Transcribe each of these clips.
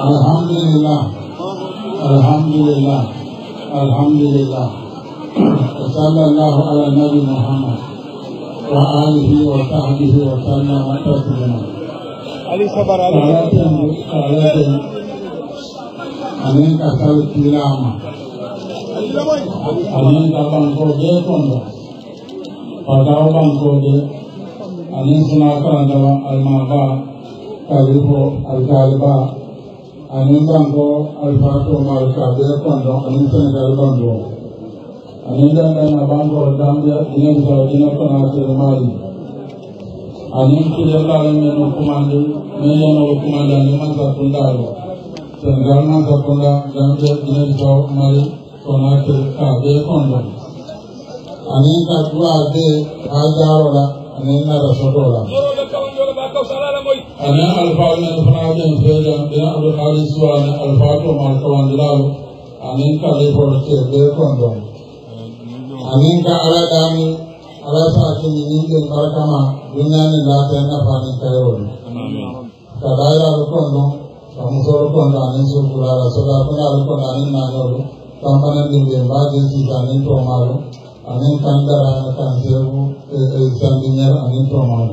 alhamdulillah alhamdulillah alhamdulillah sallallahu ala nabi muhammad wa alihi wa sahbihi wa sallam taslima. ali sabar ali. alatin alatin anin ka sal kilama. anin ka banko je kondo. padaw banko je anin suna karanta almaba Salibo Al-Galiba ani Bango Al-Fato Malkabe Kondo ani Senegal Bango ani Dandana Bango Gambia Ine Zawdina Konate Mali ani Kudekale Meno Kumande Meyeno Kumande Ani Mansa Kundalo Senegal Mansa Kunda Gambia Ine Zaw Mali Konate Kabe Kondo ani Kakwa Ade Ajarola ani Narasodola Yoro Lekawan Yoro Bakau Salala ane alfaani ane fana den feere dena aɗo haali suwaane alfaatomal kawandilaawo anin ka leporte ɓe kondon anin ka ala ɗaami ala saakini yimɓen barkama duniyani laaten nafanin kayewol ka ɗayaaɗo kondo ka musoro kondo anin surkulaala sodakunaaɗo kondo anin naañoɗo kampanen ɗimɓe mbaaje siita anin tomaalo anin kandara kan seewu sandiñer anin tomaalo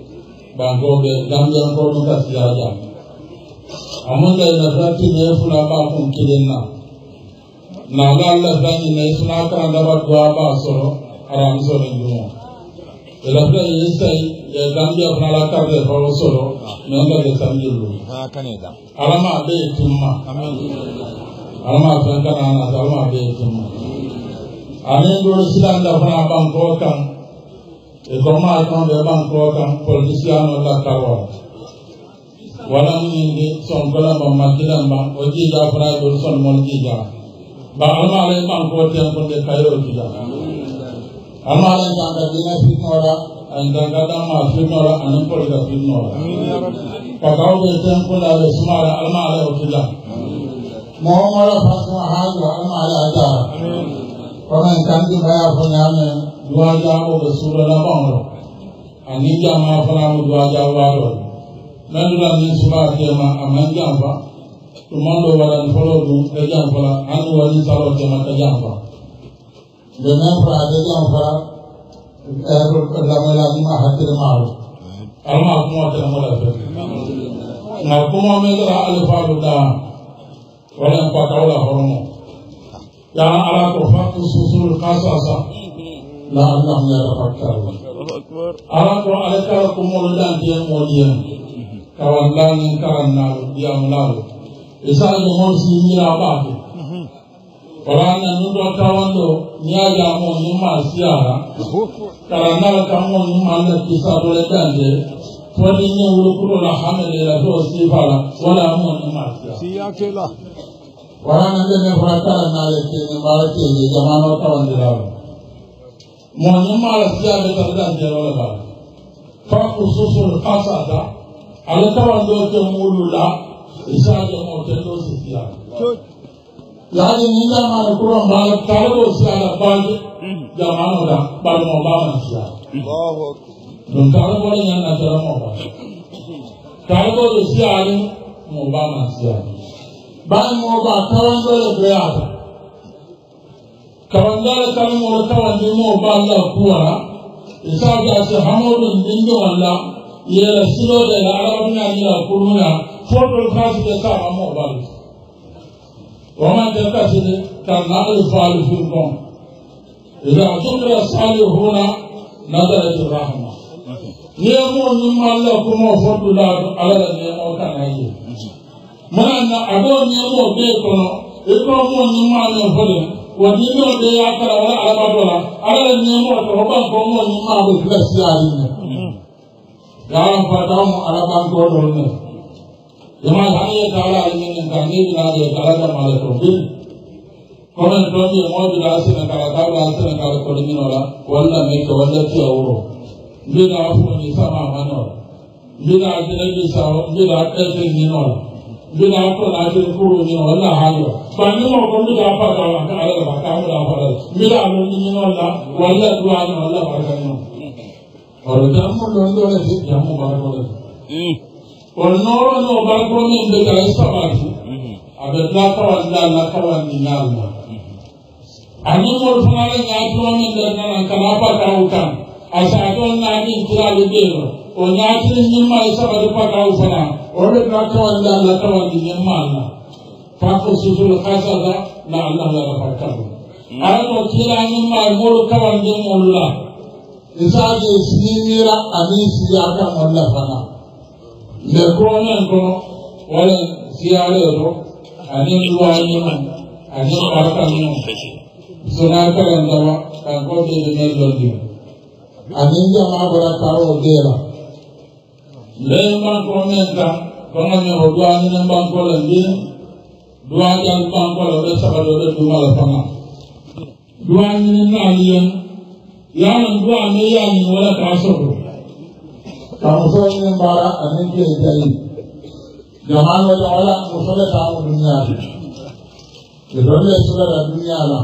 bankoɓe gambiyankoɓe ka siyaja amunde nafatin ne fula ba kun kelen na naala allah dañine suna kana daba duwa ba soro aramisore duma elafila ye sayi ye gambiya fana la karde fawo soro men ka de sanjilu alama be ye timma alama fɛn kana nata alama be ye timma ani dolo silanda fana banko ìfọ̀mọ́ àtọ́nbẹ̀ bá ń kọ́ kan pọ̀lítíṣíánù lákàwọ̀ wala mun yindi sɔn kala ma ma kila ma o ji da fana ye olu sɔn mɔni ji da ba alama ale kan kɔ tɛn kun de ka yɔrɔ ji da alama ale kan ka diinɛ fi nɔ la ani kan ka da ma fi nɔ la ani pɔli ka fi nɔ la kakaw bɛ tɛn kun la a bɛ suma la alama ale o ti da mɔgɔ mɔgɔ la fasuma hali wa alama ale a da kɔmi kan ti ba y'a duwajaɓo ɓe suuɗola ɓaŋro ani jamma fanamo duwajawaɗo nandunan nin sumakema aman janfa follow ɗo waɗan folo anu wajib salat hani wani pak, ka pak nde men fa ka janfa lamelanim mah hati maaro alma kumoten moɗa fe na kumomedora alifaɗu ɗaa waɗan pakawla hormo yana ala alat faktu susuru kasasa la allah ya tafakkar alanko ala kala ko mol dan dia mol dia kawan dan karan na dia mulal isa ni mol si ni la ba ko qur'an nu do kawan do nya ya mo ni ma sia karan na ka mo ni ma na kisa do le dan de fodi ni wuro ko la hamele la do si fala wala mo ni ma sia sia ke la qur'an ne ne fara karan na le ke ni ma ke ni jamano kawan de la mɔnyamara siya bɛ ka da jɛyɔrɔ la fa ko soso kasa da ale kaba dɔ tɛ mulu la isa jɛ mɔ tɛ dɔ si siya yaani ni jama ni kura ma la kare dɔ siya la baaji jama nɔ la balima ba ma siya don kare bɔ ni yan na kɛra mɔ ba kare dɔ de siya ni mɔ ba ma siya baaji mɔ ba kare dɔ de bɛ yan tabandala kan mo tawa ni mo ba la kuwara isaga se hamodo ndindo alla yela silo de la arabna ni la kuruna foto khas de ka mo ba wa ma de ka se de ka na al fal fi qom idha tukra salihuna nadarat rahma ni mo ni ma la ko mo foto la ala ni mo kan ayi mana na ado ni mo be ko e ko mo wani min ne ya kala wani alaba dɔ la ala ye min mɔ tɔgɔ ba ko mɔ ni maa bɛ filɛ si a ye yaa n fa taa mu alaba n tɔ dɔn ne jama la an ye taala a ye nin kan ne bɛ na de ala ka mara tɔ bi kɔmi n tɔ ye mɔɔ bi la sɛnɛ kala k'a bɛ la sɛnɛ mi kɛ wali la tiɲɛ woro n bɛ na fɔ ni sama a ma nɔ n bɛ na jɛnɛ bi sa n bɛ na banni ma ko mi daa fara la ka ala la ka mi daa fara la mi daa lɔ ni ɲinɔ la wala du a nɔ ala barika nɔ ɔrɔ jamu lɔ lɔ le ti jamu barika lɔ o nɔɔrɔ n'o barika min bɛ a bɛ tila kaba da la kaba ni n'a la ani mori fana la ɲa tuma min bɛ kafin su zo kasa da na Allah la barakahu aran o kila ni ma moro kawan de molla isaje sinira ani siya ka molla fana le ko nan ko wala siya le ro ani ruwa ni man ani baraka ni suna karan da wa kan ko be ne londi ani jama baraka o de la le man ko men ka ko man o a ani man ko londi duwagal pampalo ɗe saɓaɗo ɗe ɗumala fama duwanine naaliyan yang duwa ne yamin wala ka sogo kamo sowne mbara anen ke jayi jamanoje wala mo soletamo duniyaade ɓe ɗonle solata duniyala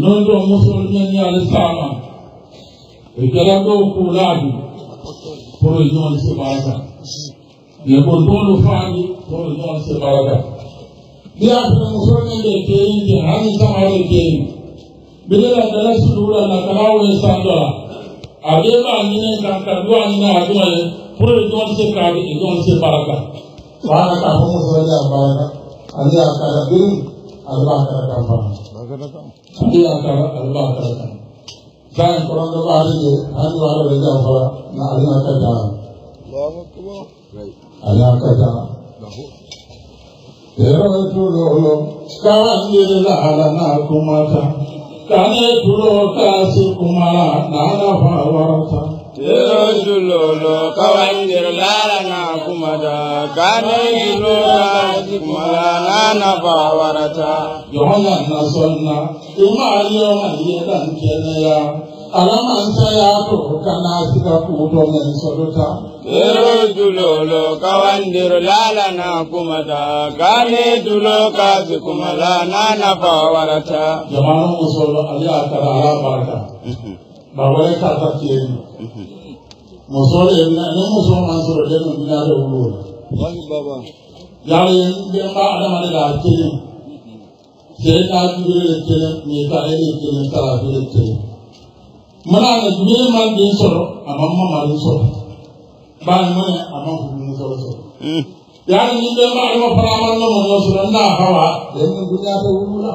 non ɗo musol ñaniyaade sama ɓe kala ɗo kuulaadi pour ñoon sibaraka ne ko ɗono faandi pour ñoon sibaraka ديار مسلمين كريم دي هم كمال كريم بدل درس طول الله تعالى والاسلام دولا اجيبا عندنا كان كردوا عندنا عدوا كل دول سكاري دول سباركا وانا تعلم مسلمين باركا اللي اكتر بيم الله تعالى كفا اللي اكتر الله تعالى كفا كان قرآن الله عليه هم وارا بيجا فلا ما علينا كذا الله أكبر الله أكبر Erotulolo kawandirila alana kumata kane tulo kasi kumala nana fawarata. Erotulolo kawandirila alana kumata kane tulo kumala nana fawarata. Jɔn nana sɔnna i ma ye alamansa yako kanasika kuutomensolota kero dulolo kawandiro lala na kumata kane dulo kasi kumala nana fawarata jamana musolo ali akara ala baraka bawale kata kiyeni musolo yemina ne musolo mansoro lenu minare wulula wahi baba yaro yemba adamade la kelen sen na jubile kelen ni ta ele kelen kala kelen mana na ne man den sɔrɔ a ma mamari sɔrɔ baani mana a ma furumi sɔrɔ sɔrɔ. yaani ni bɛn baari ma fara a ma nɔnɔ ɲɔ sɔrɔ n'a fa wa bɛn ni dunuya bɛ wulu la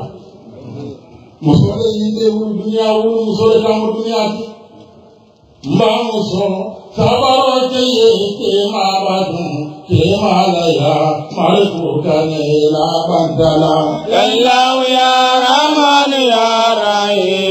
muso de yi de wulu dunuya wulu muso de kan wulu dunuya di ma muso sabaro te ye te ma ba dun te la ya mari ko ka ne la yalawu ya ramani ya raye.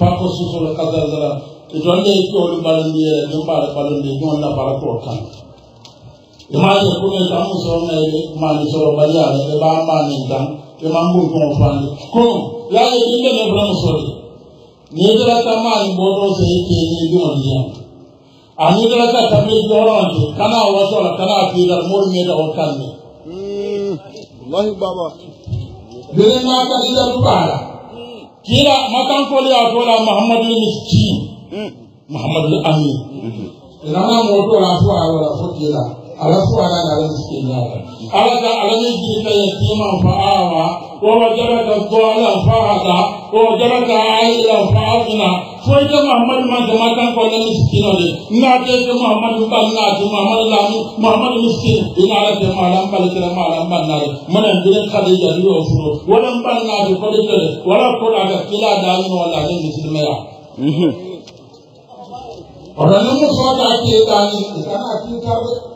fako susula kadazara e jonde e ko balandi e dum bala balandi non la bala to kan e ma je ko ne tamu so na e ma ni so ba ya e ba ma ni dan e ma ngun ko fa ni ko ya e dum ne bra mo so ni e dala ta ma ni bodo se e ke ni dum ni ya ani dala ta ta me do ron ti kana wa so la kana ti dal mo ni da o kan ni wallahi baba Bila nak ada kila makankole atola muhammadu miskin muhammadu amin ina ma moto la fo awo la fo kila alafuwara n'ale bɛ se ɲɛ la ala ni ji ka yɛ k'i ma fa a ma wɔba jara ka tɔ ala fa ma jama kan kɔ ne ni sigi nɔ de n'a tɛ tɛ la ni mahamadu ni sigi i n'a ala tɛ ma ala bali kɛra ma ala ba n'a ye mana bere ka wala ba n'a kila da ɲɔgɔn la ni misirimɛya. ọ̀rọ̀ ni mo sọ ọ́ ta kí e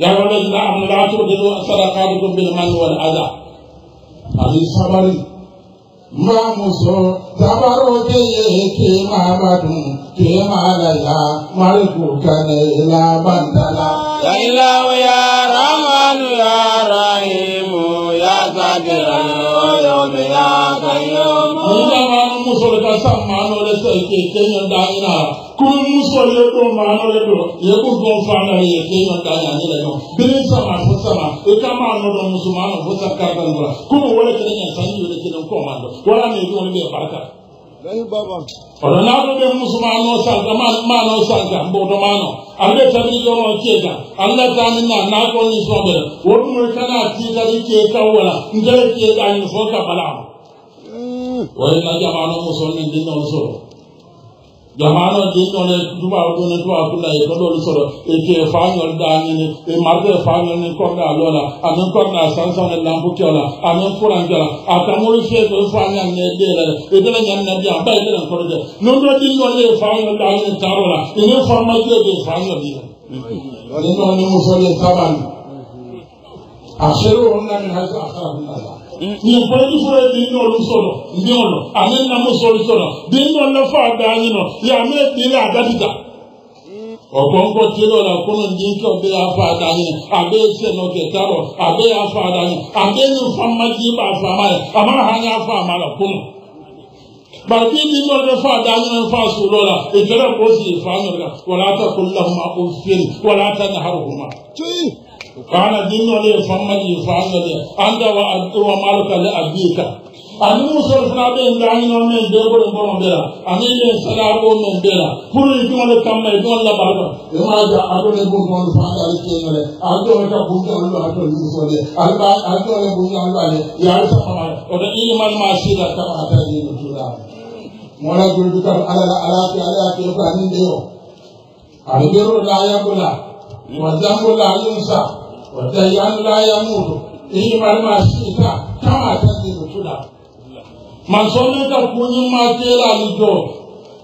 يعلم الله لا تبدلوا صدقاتكم بالمن والأذى هذه الصبر మాముసో తమరోజే మామను కేమాలయ మరుకు కనేలా బందల దైలావ యా రహమాను యా రహీము యా సగిరను యోమి యా కయ్యూము మాముసో కసం మానోల సైకి కేయం దాయినా kumu sɔrɔ ye ko maa nɔrɔ dɔn ye ko dɔn fa na ye k'e ma taa ɲa ɲɛlɛ dɔn bere sama fo sama i ka maa nɔ dɔn musoman ma fo sa kari kan dɔn komi wale kelen ɲɛ san yɛrɛ kelen kɔ ma dɔn wala mɛ i dɔn bɛ barika. ọ̀dọ̀ náà ló bẹ musoman nọ sàgbà máa nọ sàgbà ń bọ̀ dọ́ máa nọ ale tabi dɔrɔn k'e kan ale taa ni na n'a ko ni sɔn bɛrɛ o dun i kana ti tabi k'e ka wala n tɛ k'e ka ɲɛfɔ ka bala. wale na jamana muso ni den n'o sɔrɔ jamano de tone duba tone duba kula e kodo lu soro e ke fañol dañi ni e marbe fañol ni korda lola ane korda sansan e lampu kiola ane furan kiola atamuru sheto fañol ne dela e dela nyam na dia bay dela korda non do din do le fañol dañi tarola e ne formalité de fañol ni ni no ni musole taban akhiru hunna min hasa akhiru hunna yɛpɔlɔdi fɔlɔ ye den n'olu sɔrɔ ɲɔɔnɔ ale namu sɔrɔ sɔrɔ den n'o nafa da ɲi nɔ yamɛ den n'a da ti ta o bɔnkɔ tiɲɛ la kɔnɔ den kɛ o bɛ y'a fa da ɲi a bɛ sɛ n'o kɛ ta rɔ a bɛ y'a fa da ɲi a bɛ ni fa ma ji b'a fa ma ye a ma hàn y'a fa ma la kɔnɔ bàbí ni n'o bɛ fa da ɲi fa sɔrɔ la ìtɛrɛ k'o sigi fa ɲɔrɔ la wala a ta ko lamɔ o feere wala ta nahari o ma. قال دين لي فمن يفعل لي أنت ومالك لأبيك ani musolfana be ndayino men debore mbono mbera ani ye salabo men mbera pour jumale kamma e jumale labato emaja adone bumon fanda ali kenole adone ka bumon lo adone musole alba adone bumon lo ale ya sa mama oda iman ma sira ka ata ni tula mona gurdu kam ala ala ke ala ke ko anin deyo ani gero da ya kula ni wazangu la yunsa wadda an la yamutu in marma shita kama tanzilu tula man solle ka kunyi ma kela ni jo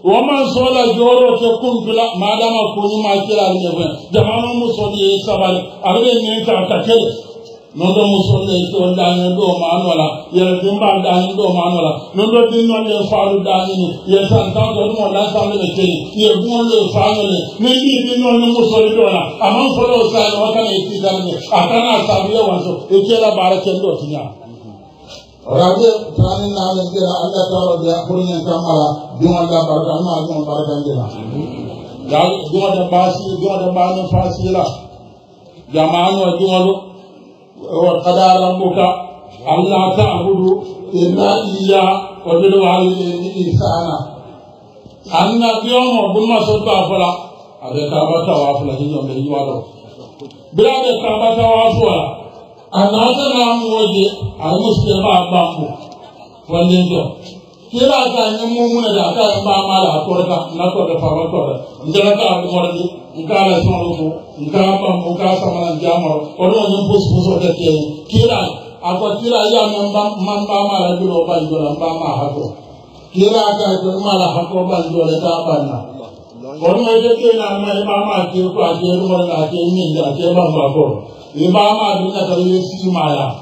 wo man sola joro ke kun tula madama kunyi ma kela ni ne jamanu musodi sabal arbe ne ka ka kele nondo musonde to dañi ɗo manola yere dimba dañi ɗo manola nondo dinnole faaru dañini ye tan tawto ɗum o lansamele teni ye gumole faanole min ɗi dinnolni musoli ɗona aman folo sani wakana e titanne a kana saabuye wanso e kela bara kenɗo tiña rabe tani namen ɗena allah tawra de ɓurinen kammala dimalla barka anna ɗum barkandina jumade mbasi jumade mbani fasila jamano jumalo وقضى ربك ألا تعبدوا إلا إياه وبالوالدين إحسانا أن اليوم بما سبع فلا أبي كعبة وافلا هي يوم الجوال بلا أبي كعبة وافلا أنا أتنا موجه المسلم أبامه والنجوم kila ka ni mumuna da ka ni ba ma la to da na to da fa ma to da ndara ka ni mo ni nka la so ro mo nka ba mo ka sa ma na ja mo ko no ni pus pus o da ke kila akwa kila ya ma ba ma ba ma la do ba do la ba ma ha ko kila ka do ma la ha ko ba do la ta ba na ko no je ke na ma ba ma ke ko a je mo na ke ni da ke ba ma ko ni ba ma du na ka ye si ma ya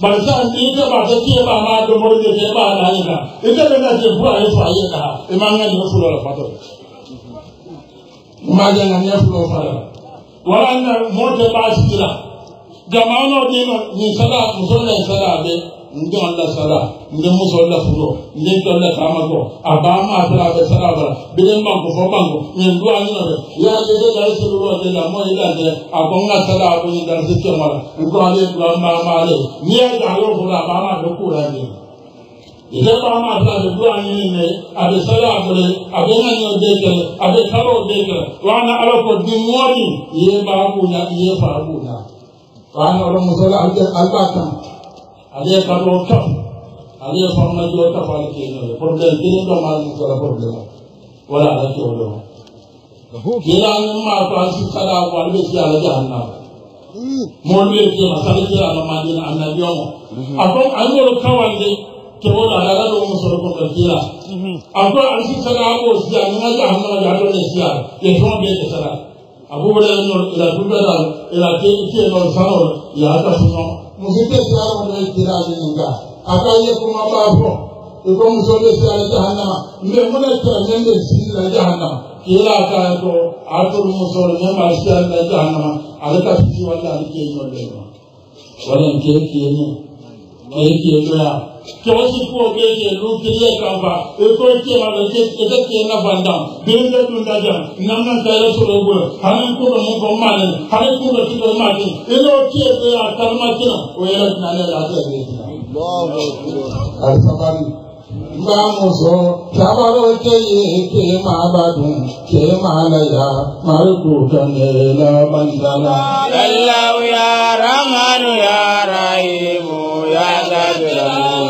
barisa ita ba ta ce ba ma da murje ce ba na yi na ita da na ce fura yi fa yi na ima nga ni fura la fato ma ga na ne fura fa la wala na mota ba shi la jama'ano dino ni sala musulmai sala be nde alla sara nde muso alla fulo nde to alla kama ko aba ma tara be sara bara bide man ko fo man ko nyen do an no ya de de la so ro de la mo ila de abo nga sara abo ni dar se ke mara ko ale do ma ma le ni ya da lo ko aba ma do ku ra ni ite ba ma ta de do an ni ne abe sara abo le abe nga no de ke abe sara o de ke wa na ala ko di mori ye ba bu na ye fa bu na wa na ro muso la alba kan ale ye kalo tɔn ale ye fanga jɔ tɔn ale ke yen nɔ ye problème kelen dɔ ma n'u kɛra problème wala ale t'o dɔn yɛlɛ an ma to an si ka d'a kɔ ale bɛ se ale de an na mɔbili bɛ se masakɛ se a ma man di a na ɲɔgɔn ma a ko an y'olu kawan de kɛmɛ la ala muso tɛ se a kɔnɔ jira ale nka a ka ye kuma b'a fɔ i ko muso bɛ se ale jahanama mɛ mun de tɛrɛ min bɛ sigi la jahanama k'i la a kan a toro muso la min b'a si ale la jahanama ale ka fisi wale ale k'e ɲɔ de ma wale k'e k'e ɲɛ k'e k'e ɲɔ kɛmɛ ko bɛ kɛ n'u kiriya kan fa e ko cɛ ma dɔn e tɛ kɛ na fan dan den tɛ dun da jan na ma ka yɛrɛ sɔrɔ e bolo hali ko dɔ mun fɔ n ma dɛ hali ko dɔ ti dɔ ma kɛ e n'o cɛ bɛ a kalima kɛ na o yɛrɛ tɛna ne lafiya de. a sabali n b'a muso sabaro kɛ k'e ma ba k'e ma laya mari ko ka ne labanta la. ya ramanu ya rahimu ya labila.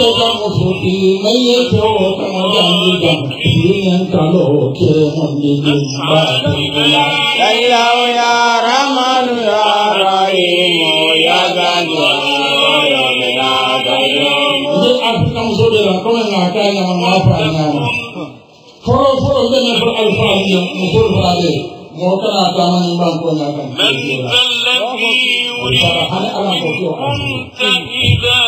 தைலவ் யாரமனு யாராயிமோ யாகனு fɔlɔ fɔlɔ bɛ na fɔ alifa ɲɛ muso fila de mɔgɔ kana taama ni ban ko ɲa kan. hali ala ko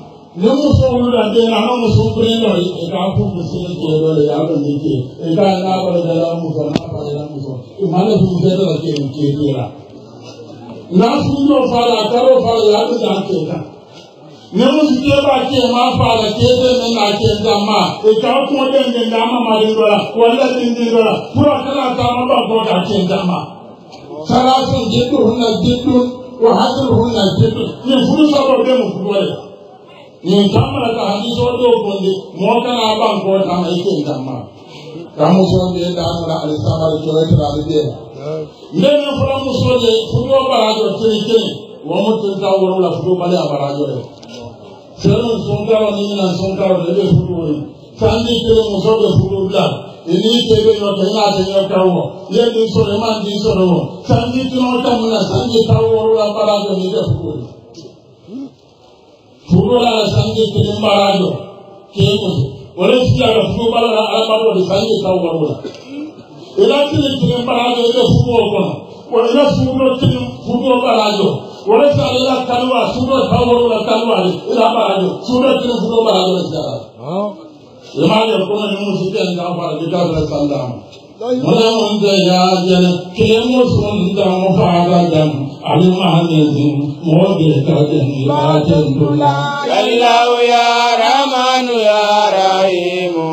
ne muso olu la den na an ka muso kelen dɔ ye i k'a fɔ muso ni cɛ dɔ de ye an bɛ nin kɛ i k'a ye n'a balajala muso n'a balajala muso i ma ne funu cɛ dɔ la kɛ nin kɛ kɛ la n'a funu dɔ fa la a taar'o fa la an bɛ k'a kɛ kan ne muso cɛ b'a kɛ ma fa la cɛ bɛ min k'a kɛ nka ma i k'a kɔn den kɛ nka an ma mari dɔ la wala nin den dɔ la fura kana taama b'a kɔ k'a kɛ nka ma sara fɛn jɛ duuru na jɛ duuru wa hakɛ duuru na jɛ duuru nin furu sɔrɔ den muso wɛrɛ ninkamala ka hakisondeo konde mookana abanko tama ike nkamma kamusonde ndamula alisamali coletera alibeera nde men fula musode futuo barajo teni teni womutinta worula futu bali a barajo le serun sonkaro nimina sonkaro de ɓe futuoyi sandi kele muso ɓe futu bila ini tebe yote ina tenye kawo ye din sore man din sore wo sandi tino kamuna sandi kawo worula barajo ni ɓe futuoyi furuulala sange kelen mbaarajo kee kosi wala sitiyaka furubalala alamadoli sange kawwarola ila kelen kelen mbaarajo ila furuo kono wala ila suuno kelen furuo mbaarajo wala sala ila kalwa suuno kawwarola kalwale ila mbaarajo suuno kelen furuo mbaarajo la sitiyaka yamaade kono ni musitiyani kan fara de dabila sallama ധനവന്തയാജന ക്ഷേമസുന്ദരം ഭാരതം അഭിമാനസിം മോദിരാജന്തുലായ രാമാനുയാരായമോ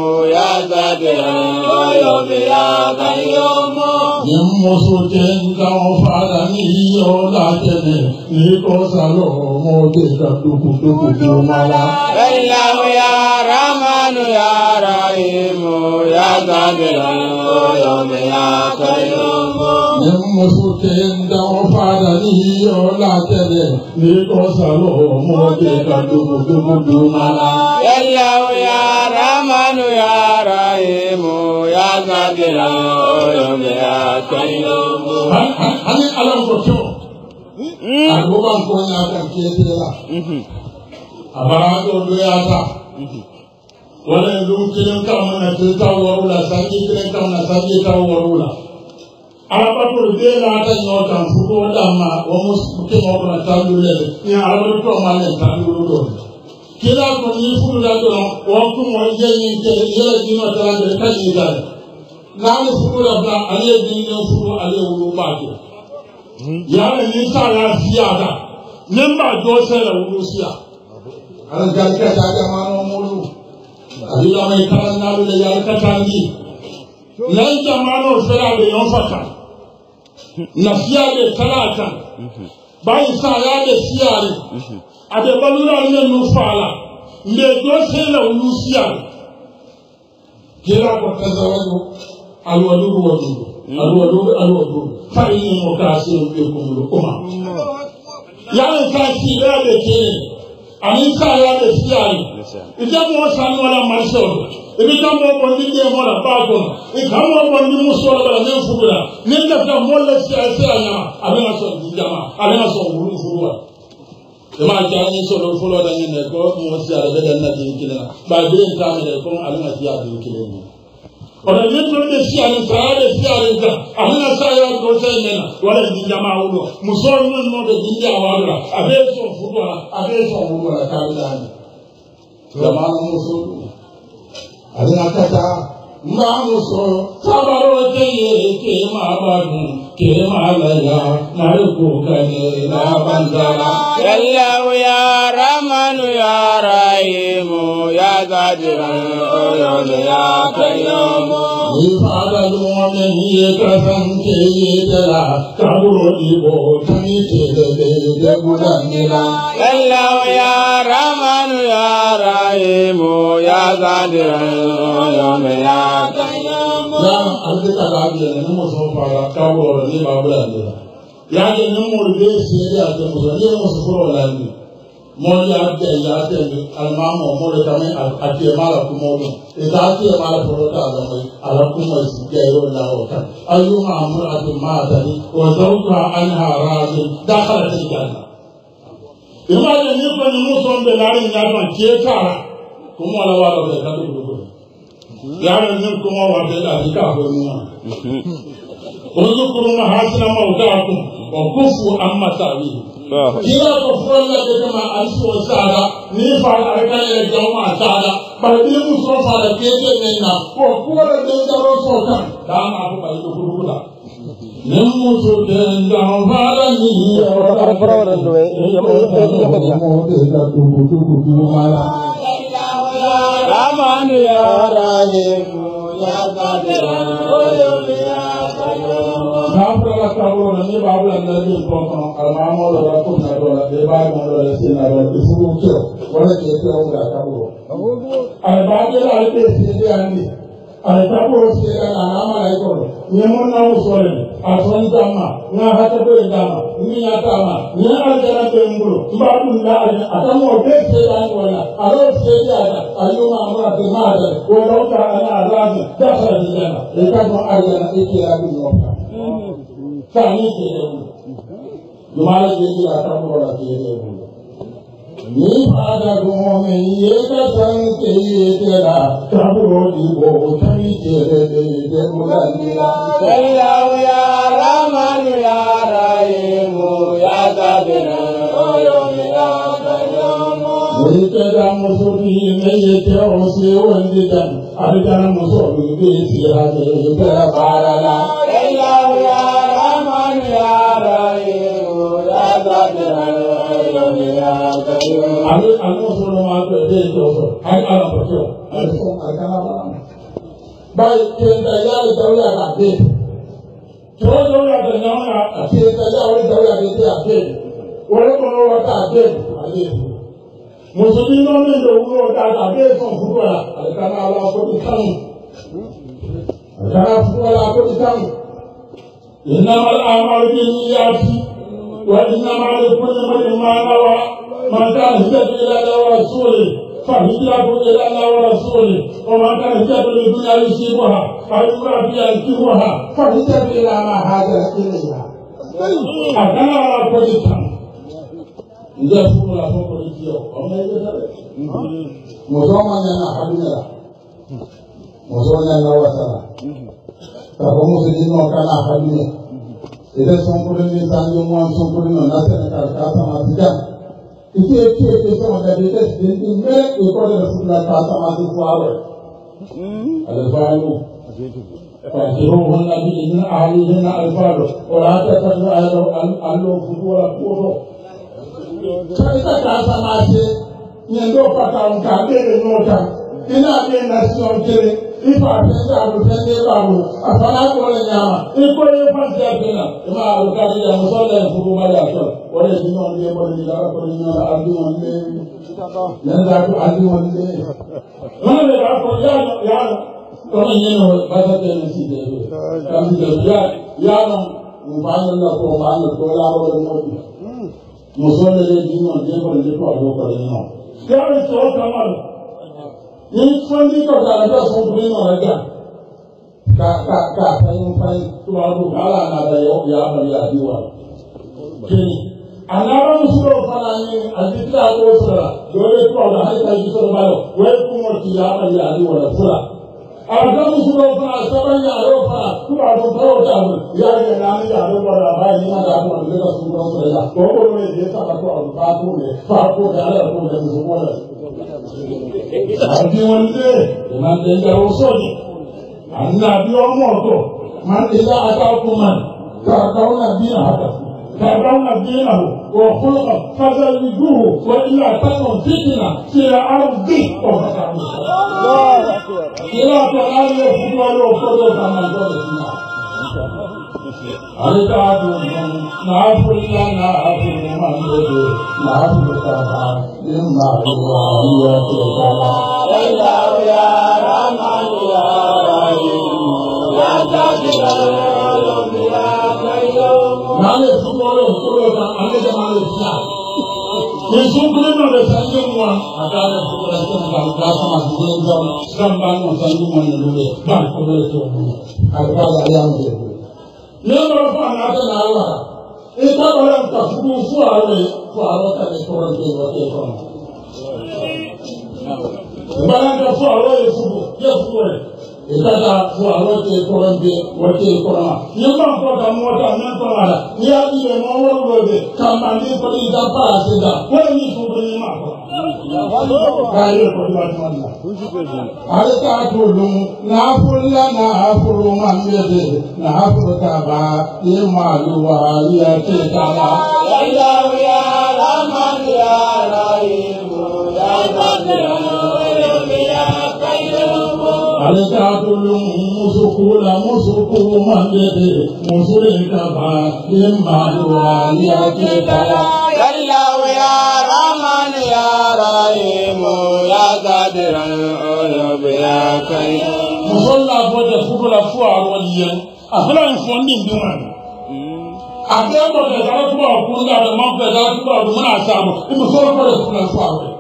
ോടാചനെ നീക്കോ സലോ മോദിക്കുമാരാമ rahmanu ya imu ya zabiru ya mi ya kayumu. ní musoke dáwọ́ fada ní iyọ̀ látẹ̀lẹ̀ ní kọ́sàlọ́ mọ́tẹ́ ka dumudumu mala. yẹ́lẹ́wò ya rahmanu ya rahimu ya zabiru ya mi ya kayumu. ani ala ko kyau. a ko ban ko ɲa kan kiyetela. a bara dɔ doya ta wala lu kelen kan mana to i ka wariw la sanji kelen kan na sanji i ka wariw la alabatoro bee laata ɲɔgɔn kan fuko da ma o mu kɛmɛ kɔnɔ tan duuru yɛrɛ ni alabatoro tɔ ma lɛ tan duuru dɔrɔn kila kɔni ni furu la dɔrɔn o kun mɔ jɛ ni kɛlɛ yɛlɛ di ma tɛra bɛɛ ka ɲi ka yɛ n'ale furu la bila ale ye denkɛ furu ale ye wolo b'a jɔ yaala ni sa y'a fiyɛ a ne b'a jɔ sɛ la wolo siya. ala jali ka ca a ka maa adila mai karannaɓe le yalkatandi nan jamano feraɓe yon faka nafiyaɓe kala kan bayi sayaɓe siyari aɓe ɓalurannen nu faala nde do sela nu siyari kira ko tazawajo alwaluɗu wajuɗu alwaluɗu alwaluɗu fa innimo kasirun ɓe kumulu uma yanen ka siɗaɓe kene ani nsa ya de si ayi ìjẹ́kùn wọn sàn ní wọn la máa ṣe ọ̀dọ̀ ibi tí wọn bọ̀ ní dé wọn la báàgò ìka wọn bọ̀ ní muso la bala ní nfuru la ní tẹ̀sán wọn lè ṣe ẹsẹ̀ àyàmà àbí ma sọ̀rọ̀ jíjà ma àbí ma sọ̀rọ̀ wúlú nfuru wa. ẹ máa jẹ àwọn sọ̀rọ̀ fọlọ́ la yẹn nà ẹ̀kọ́ mọ̀ sí àlẹ́ bẹ́ẹ̀ náà ti ń kelen na bàbá ìbílẹ̀ nǹkan mi dẹ̀ kọ́ àlẹ́ ma ti yà wala ne tun bɛ si ale fɛ ale si ale fɛ a bɛna se a yɛrɛ dɔ se ɲɛ na wala di jama o dɔn muso ninnu n'o de di a wa la a bɛ sɔn furu la a bɛ sɔn furu la k'a bɛ taa jama muso a bɛna ka taa n b'a muso sabaro tɛ ye k'e ma ba dun. ಕೇವಲ ನಡುಕು ಕಲಿನ ಬಂಧನ ಎಲ್ಲವೂ ಯಾರ ಮನು ಯಾರ ಏಮೋ ಯಾಗಾದಿರೋ ಪಾದೋನೆ ಸಂಕೇತಲ ಕರುಣಿ ಬೋಧನಿ ಜಗುಡಂಗಿಲ ಎಲ್ಲವೂ ಯಾರ ಮನು ಯಾರ ಏಮೋ ಯಾಗಾದಿರೋ yama alde ka da bi ne mo so fa la ka wo ro ni ba bu la ni ya je ne mo be se ya je mo so ye mo so ko la ni mo ya de ya de al ma mo mo le ka me a ti ma la ku mo ni e ta ti ma la pro ta la mo ala e yaran nin kuma wa bɛ la i k'a bɔ mun na ozukuru mahasinama o t'a kun o ko fu an ma taa bi kira ka fura lajɛ kama ali sɔ saada ni fa ale ka yɛrɛ jɔn ma saada bari ni muso fa la k'e tɛ min na ɔ kuma la den jaro sɔ kan k'a ma ko bali ko kuru la. ni muso den jaro fa la ni yɔrɔ la. o fura wɛrɛ dɔ ye yɔrɔ yɔrɔ yɔrɔ yɔrɔ yɔrɔ yɔrɔ yɔrɔ yɔrɔ yɔrɔ yɔrɔ yɔrɔ yɔrɔ Rahman ya Rahim ya ya Nàbùrọ̀lá kàbùrọ̀ ní bàbá nàbí nǹkan kan àmàmọ́ lọ́la tó nàbọ̀ lọ́la bá gbọ́n lọ́la sí nàbọ̀ ìfúrú tó wọ́n kì í tó ń gbà kàbùrọ̀. Àìbájẹ́ láti ṣe ilé àní, àìkábùrọ̀ ṣe ẹ̀ka àmàlà ẹ̀kọ́, ìyẹn mú náà a san dama na hata bai dama ni ya dama ni aljana bai ngulo ba mun da aljana a san wa se ce dan wala a ro se ya a ayyuma amra bi ma da wa law ta ana azabi da farjana da kan aljana yake ya bi wa ka mm. sani ke da mu dumala ke ya ta mu wala ke da mu ಈ ಭಾಗಭೂಮಿ ಏಕಸಂಖ್ಯೇತರ ಪ್ರಭೋದಿಗೋ ಚೈತನ್ಯ ಎಲ್ಲವೂ ಯಾರಮನು ಯಾರೇನು ಯಾಗದಿನ ಮುಸುರಿ ಮೇಯ್ಯ ಹೊಸೆ ಹೊಂದಿದ ಅರಿತನ ಮುಸುರಿ ಬೇಸಿ ಹಾಗೆ ಬಾರಲ ಎಲ್ಲವೂ ಯಾರಮನು ಯಾರೇನು ಯಾಗದಿನ ale ale ma sɔrɔ ma bɛ den dɔ sɔrɔ hali ala ma kɛ o ale sɔn a kana bana ma. bayi kirenta ya le dawuya ka den tɔɔrɔ dawuya ka ɲɔgɔn kan a kirenta ya wale dawuya ka den a den wale kɔnɔ wa k'a den a den muso bi nɔ min do wuli o ta a den sɔn furu la ale ka na ala ko ti kan ale ka na furu la ko ti kan. innamal amalu bi niyyati. وإنما لكل من ما نوى من كان يهتدي إلى الله ورسوله فهجرته إلى الله ورسوله ومن كان يهتدي للدنيا يصيبها أو امرأة ينكحها فهجرته إلى ما هاجر إليها أكان على كل ǹjẹ́ fún la fún kọ́ni tí ọ ọmọ ẹgbẹ́ sẹ́lẹ̀. mọ̀tọ́ ma nyà náà àdúnyà la mọ̀tọ́ nyà náà wà sára kàkọ́ mọ̀tọ́ nyà náà ká náà àdúnyà ite sunkurunin sanji muwan sunkurunin na senegal kasa masu jan ite ke ke sama da dai test din din ne ikon da su na kasa masu fuwarar alfanu فاحذروا هن بإذن أهلهن الفاظ ولا تتخذوا أهلهم أن ينفقوا ولا تقولوا فإذا كان سماسي يندوق فتاهم كان بيري نوتا ina ke na sɔn kelen i fa fɛn tɛ a bɛ fɛn tɛ b'a bolo a fana kɔrɔ ɲama i ko ye fasiya fɛn na i ma a bɛ k'a bɛ yan muso la yan furu ma yan sɔrɔ o de ye ɲɔgɔn den bɔli la ala kɔni ɲɔgɔn a dun kɔni den yan t'a to a dun kɔni den n'o de b'a fɔ y'a dɔn y'a dɔn kɔmi n ye n'o basa tɛ ne si tɛ ka n tɛ y'a y'a dɔn n fa ɲɛ la ko n fa ɲɛ ko la o de n'o di de ye ɲɔgɔn de ko a b'o kɔni ɲɔgɔn y'a dɔn sɔrɔ ni sɔnni ka bila ka sɔn kuru in kɔnɔ jan ka ka ka fɛn fɛn tubabu ala n'a da yɔ y'a bali a bi wa kini a fana ye a ti tila a t'o sara dɔ bɛ tubabu la hali ka ji sɔrɔ ba la o ye adamu fana o fana saba yaare o fana tubabu fana o jaabi yaari yɛrɛ an yaare o fana a b'a ye ɲinan daa kuma ne ka sugu dɔ sɔrɔ i la o kɔni o ye den saba to a bɛ faa t'o ye faa t'o ye ala yɛrɛ t'o ye muso b'o la. àbíwọlé ìmàdé ìyàwó sọdí àti àbíwọmọ ọtọ màdé ìyá àtàkùnmá kàkàwọn àbí àhàkà kàkàwọn àbí àhàkà. وخلقا فزوجوه والا تكن فتنه في الارض وفساد الله اكبر الى قران يحكم له فضل كما Àrídáàdù mọ̀n náà fúnlá náà fúnlá máa ń lòdì náà fúnlá náà ní màá lò wá ní ọjọ́ ìgbàlá. Ẹ̀yà ọ̀yà Rámánìyà ọ̀rọ̀ yìí, wọ́n jáde lọ́wọ́ n'ale sukɔrɔ kolo la ale de b'ale fila ni sukɔrɔ dɔ de san den wa a k'ale sukɔrɔ den ka a k'a sama den ka san ba ɲɔgɔn san den ma ɲɛlu de ba o de t'o ye a bɛ taa ale y'an wele. ne b'a fɔ a n'a tɛ n'a la i ta bala ka fugu fo a ye fo a bɛ ka ne tɔgɔ de ye o de kɔnɔ. bala ka fɔ a ye fugu ye fugu ye itata wa wote kɔrɔnte wote kɔrɔma ni ma fɔ ka mɔta mɛ kɔrɔma la n'i y'a di yɛrɛ ma wɔri dɔ bɛ ka manden kɔni i ka baara se ni fɔ ni ma fɔ. k'ale kɔni ma tuma na. ale k'a to dun n'a furula n'a furu man bɛ de n'a furu ka ban i maalu wa i y'a kɛ ka ban. yajabu yaala mandi yaala ye alikatulu musukula musuku mandede musule kaba limadu aliyakitala yalawu ya ya rahimu ya gadiran ya kai. musola bɔdɛ fukola fo awɔli yɛ a fana ye fɔ ni dun wa a kɛ bɔdɛ kala tuba kun ka dɛ ma bɛ kala tuba kun mana a sa ma i musola bɔdɛ fukola fo awɔli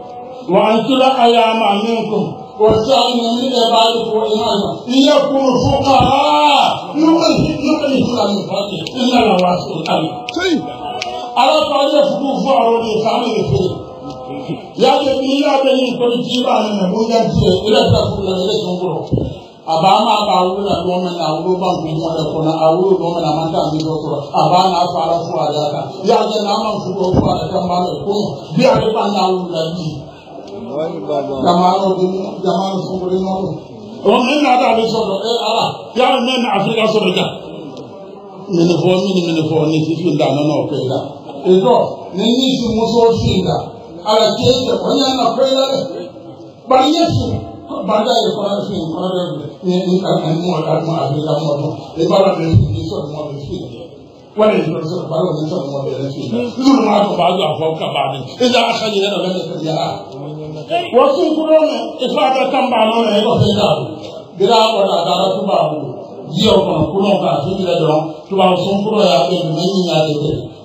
wa an tora a y'a ma min kun. والزعيم من بعد فوقهما ليكون فقهاء يؤلفون من فضله إلا الله واسع الأمر. alápàdé ẹ̀fọ́ fún àwọn olùfàmì ìfẹ́ yàtọ̀ ní ilé abẹ́lé ìkọ́lé tí yíba ní ẹ̀mú yá ti ẹ̀ ilé ẹ̀fọ́ fún yàrá ilé tó ń gbọ̀. àbá máa bá awúrò náà lọ́wọ́ mẹ́ta awúrò bá nǹkan ìjọba rẹ̀ kọ́ná awúrò lọ́wọ́ mẹ́ta máa ń tà ní dọ́kọ̀rọ̀ àbá náà fara fún àdáka yàtọ̀ náà máa ń fún ọkọ̀ àdáka máa ń kó bí àdébà náà wù jamano bi mu jamano sunkurin nɔfɛ. o min na da a bɛ sɔrɔ e ala yali min na afirika sɔrɔ ja. mini fɔ mini mini ni fifin da nɔnɔ o kɛ la. ìjọ ni n yi si muso si la ala k'e jɛ o yɛn na fɛn la dɛ bari n ye si bàtà yìí kọ́ra sí nǹkan rẹ̀ ní ní mú àmú àbíká mú ọdún ìbára mi ní sọ̀rọ̀ mọ́ mi sí ìdí wọ́n lè sọ̀rọ̀ sọ̀rọ̀ báwo ní sọ̀rọ̀ mọ́ mi rẹ̀ sí ìdí. nínú màá tó bá a tó àfọ̀ kábàá mi ìjà aṣáájú yẹn lọ lẹ́nu ìpínlẹ̀ yàrá wasu kuron ifata kan ba no na ko fe da dira ko da da ku ba mu jiyo ko kuron ka su dira do to ba sun kuron ya ke ne ni ya de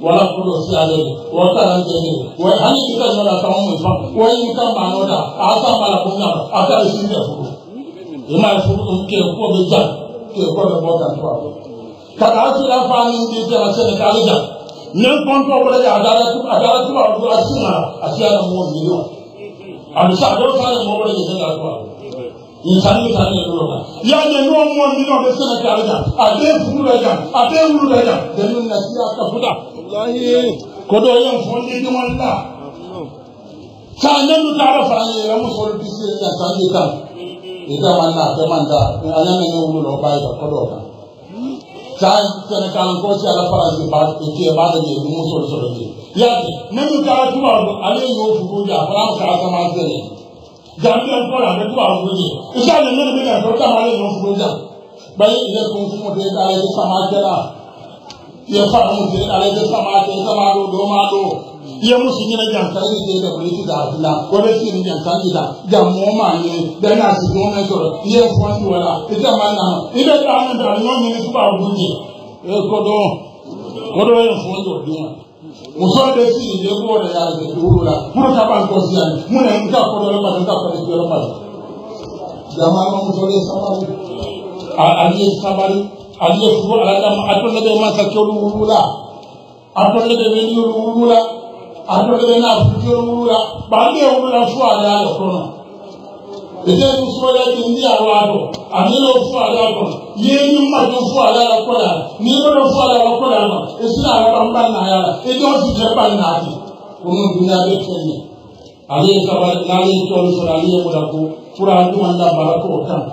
wala kuron si ale wa ta ran de wa hani ki ka na ka mu fa wa ni kan ba no da a ta ba la kun na a ta si da fu ima fu ke ko be ja ke ko be mo ka to ka da su la fa ni de ta se ka ale da nan kon ko wala ja da da tu a alusa a dɔw fana mɔgɔ wɛrɛ de bɛ na ko awɔ nsanni nsanni de bolo la y'a ye n'o mɔ min na o bɛ se ka kɛ ale kan a bɛ furu bɛ kan a bɛ wulu bɛ kan dɛmɛ na si y'a ka futa ko dɔw ye fɔ n ye ɲɔgɔn la k'a ne nu taara fara n yɛrɛ muso de bi se ka san de ta i ta man da a bɛɛ man da a y'a mɛn ne wolo o b'a ye ka kɔdɔ kan san sɛnɛkalo kɔ si ala farasi ba ke ba de ye mun sɔrɔ sɔrɔ ye yati ne min taara tubabu ale y'o fugu ja fana k'a sama sɛnɛ jambiya kɔrɔ a bɛ tubabu fugu je isa ni ne de bɛ ka fɔ kama ale y'o fugu ja bayi ile kun kun de ale de sama kɛra ye fa mun de ale de sama kɛ sama do do ma do ye musu ɲinɛ jansan ye se dɔbɔ isi k'a fila o de si ni jansan yi la jan mɔ ma ye bɛɛ n'a si ɲɔgɔn na sɔrɔ i ye fɔnsi wala i tɛ ma na i bɛ taa ni taa ɲɔgɔn ɲini fo k'a dun ye ee kodɔn kodɔn ye fɔn jɔ den ma muso de si ni den k'o de y'a kɛ dugu la mun ta b'an kɔ siya ni mun na n ka kɔdɔ yɔrɔ ma n ka kɔdɔ yɔrɔ ma jama ma muso de sabali ale ye sabali ale ye furu ala dama a dɔn ne bɛ masa kɛ olu wulula a dɔn ne bɛ wuli olu wulula anɔlɛ na afidie wura kpali ewura fún adé alɛ kɔnɔ ɛdí ɛdi fún ɛdí ɛdi ní alɔ adɔ ani lɛ fún adé akɔ yé ní mmadu fún adé alɛ kɔ yà ní ɛdí fún adé alɛ kɔ yà nɔ esi na alɛ bàmba nà yà la ɛdí ɔsi tẹ ba nà adi ɔmu dunya bɛ fɛ yɛ ale yɛ kaba n'ale yɛ tɔli sɔrɔ ale yɛ wura ko fura aduma da bara k'o kan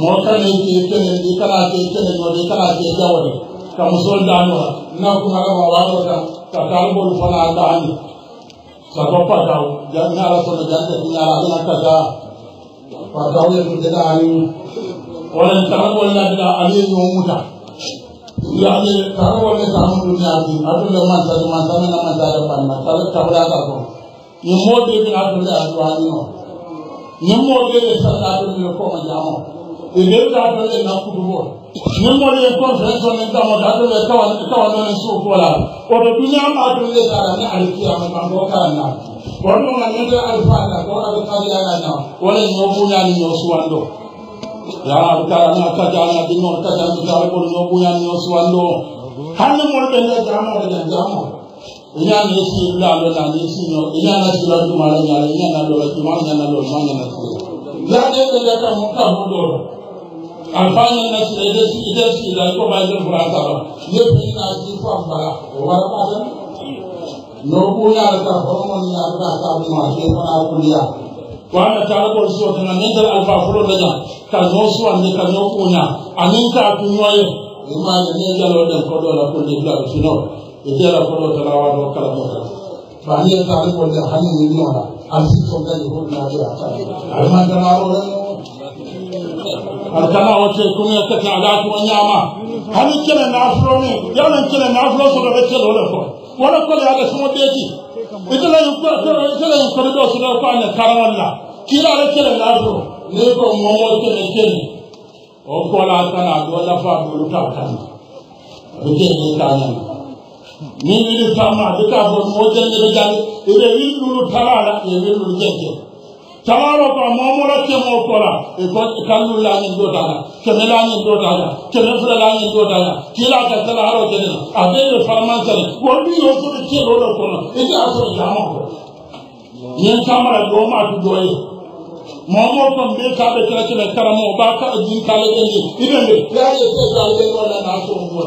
mɔgɔ kan yɛ k'e kɛnɛ de kana k'e kɛnɛ nɔ de kana k'e jawɔ de ka muso da nɔ na kuma kama o b'a dɔ kan. ka taa bolu fana t a a n s a bɔ pataw ɲaala sɔrɔ jante ti n a a l a bɛna ka taa pataw ye tun tɛ daani wala tanga bɔli la d i l a ale n e ɲ ɔ g ɔ muta y a n l e tanga bɔli bɛ tanga mun d n y a bi a bɛ bɛ mansa de mansa min na mansa d a p a n i ma kalo kabila ka ko n i m o ɔ de n ɛ a tun bɛ a to an n o nin mɔɔ de bɛ sara a tun bɛ o ɔ ma jaa ma nin de bɛ a tun bɛ na kutu bɔ. nimɔli ye kɔnfɛrɛnsɔn ni kama ka dɔ bɛ kawa kawa dɔ sugu fɔ la o bɛ dunuya maa dun de k'a la ni ale ti yan kan dɔ k'a na o dun ka ɲɛjɛ alifa la dɔ a bɛ kariya ka na o de ɲɔ bonya ni ɲɔ sugandɔ yaa a bɛ taa n'a ka jan n'a di ɲɔgɔn ka jan bi taa ko ɲɔ bonya ni ɲɔ sugandɔ hali ni mɔri bɛ ne jama o de bɛ jama i y'a ni si bila a bɛ na ni si ɲɔ i y'a na si la duguma la ɲa la i y'a na dɔ la duguma ɲa na dɔ la ɲa na si la yaa de bɛ ne ka mun ka mun dɔ la àǹfààní ẹ̀ náà ṣe ẹ̀dẹ́ sí ẹ̀dẹ́ sí ìlà tó bá dé fúra sábà lẹ́bi ní àti fún àgbàrá ìwà bá dé. N'obu yàrá ta fọ́nmọ́ a yàrá ta ta bí wọ́n ṣe fún àkúnyà. Wàá na taara bọ̀ sọ̀ tẹ̀lé ní tẹ̀lé alifa fúlọ̀ lẹ́yà ka nọ sọ̀ ní ka nọ kunya ani ka kunyọ yẹ. Ìmọ̀ àyè ní ìjà lọ dẹ̀ kọ́ dọ̀ la kó lè bila bisi nọ ìjà lọ kọ́ dọ̀ tẹ̀lé wa dọ̀ kala mọ̀ kan. Bàa ní yẹ taara bọ̀ lẹ́yà hali mi nù ọ̀la àti sọ̀ tẹ̀lé kó lè na bẹ̀rẹ̀ àkàlẹ̀. Àyè máa dama ọ̀rẹ́ nù arkana wo te kunu ta ta ala ko nyama hani kele na afro ne ya na kele na afro so do be kele wala ko wala ko ya ga sumo teji itala yu ko itala yu ko do so do ko ne karawalla kila ala kele na afro ne ko mo mo kele kele o ko la kana do la fa do ta kan o ke ni ta na ni ni ta ma de ka bo mo je ne be jale ire wi samaro ka momola kemo kola ko kanu la ni do daga kene la ni do la kene fura la ni do daga kila ka tala haro kene abe le farmansa ni wodi yo ko de che lo ko no ita aso jama ko yen samara do ma du do ye momo ko be ka be kala kala karamo ba ka jin kala kene ibe be ya ye se da le ko na na so mo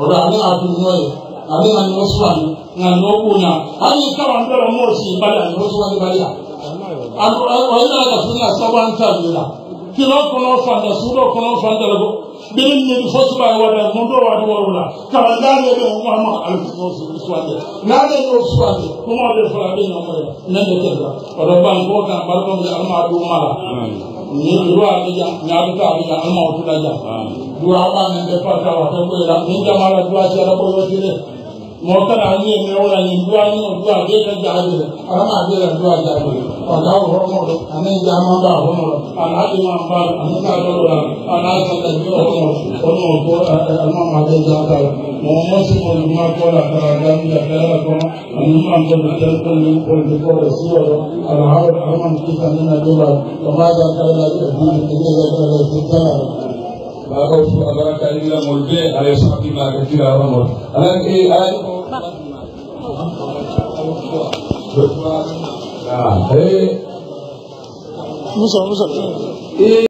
ora ni adu no ye ani na ni oswa ni na no kuna ani ka wa ndoro mo si bala no so ni bala ɔyina ka na saba n ta mi la kila kɔnɔ fanda sudo kɔnɔ fanda la ko biri min fo suba ye wada mun do wadi wɔri a bɛ ɲɔgɔn ye ne de tɛ la o de ban k'o kan barika min ala ma d'o ma la ni duwa a bɛ jan ni a bɛ taa a bɛ o t'u la jan duwa a b'a nin bɛɛ fa ta wa a tɛ ko yɛrɛ ni jama la duwa cɛ la motar an yi mai wala ni duwa ni mo duwa de ka ja de ara ma de la duwa ja de o da o ho mo anan ja ma ba ho mo ala de ma ba an ka do la ala sa da de ho mo o mo ko ma ma de ja da mo mo si mo ma ko la ka da mi da ka ko an ma ko da ta ko ni ko ni ko da si o ala ha ma ki ka ni na do la ma da ka da de ni ni da ka da si ka baakaw fo a bara kalilamol bee a ye fatimaka kiraramol alan e ay muso muso